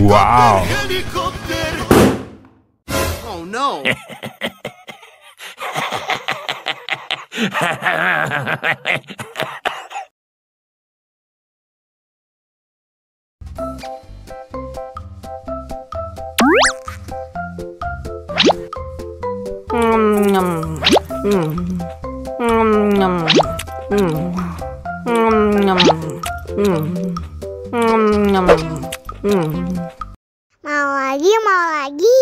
Wow. Oh no. Nom nom nom nom Hmm. Mau lagi, mau lagi.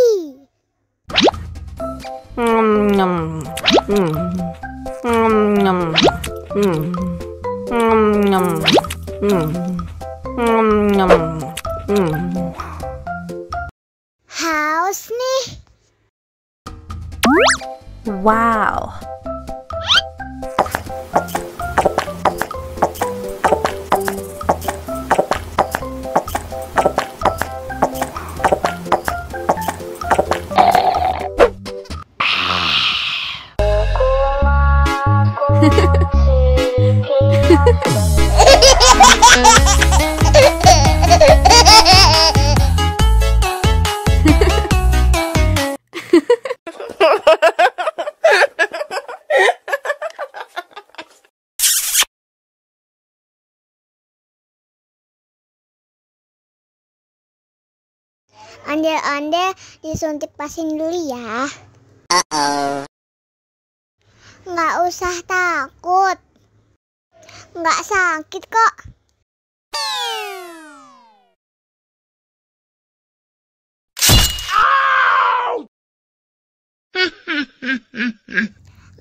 Haus nih. Wow. Anda ondel disuntik pasien dulu ya. Uh -oh. Nggak usah takut nggak sakit kok.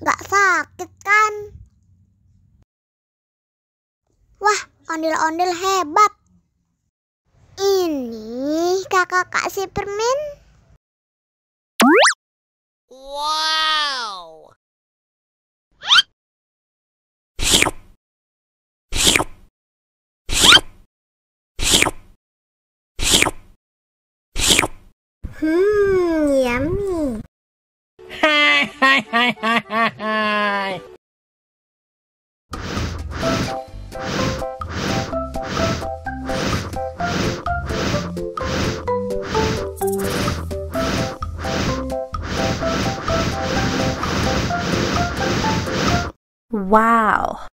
Nggak sakit kan? Wah, ondel-ondel hebat. Ini kakak kasih permen. Mmm, yummy. Hi, hi, hi, hi, hi, Wow.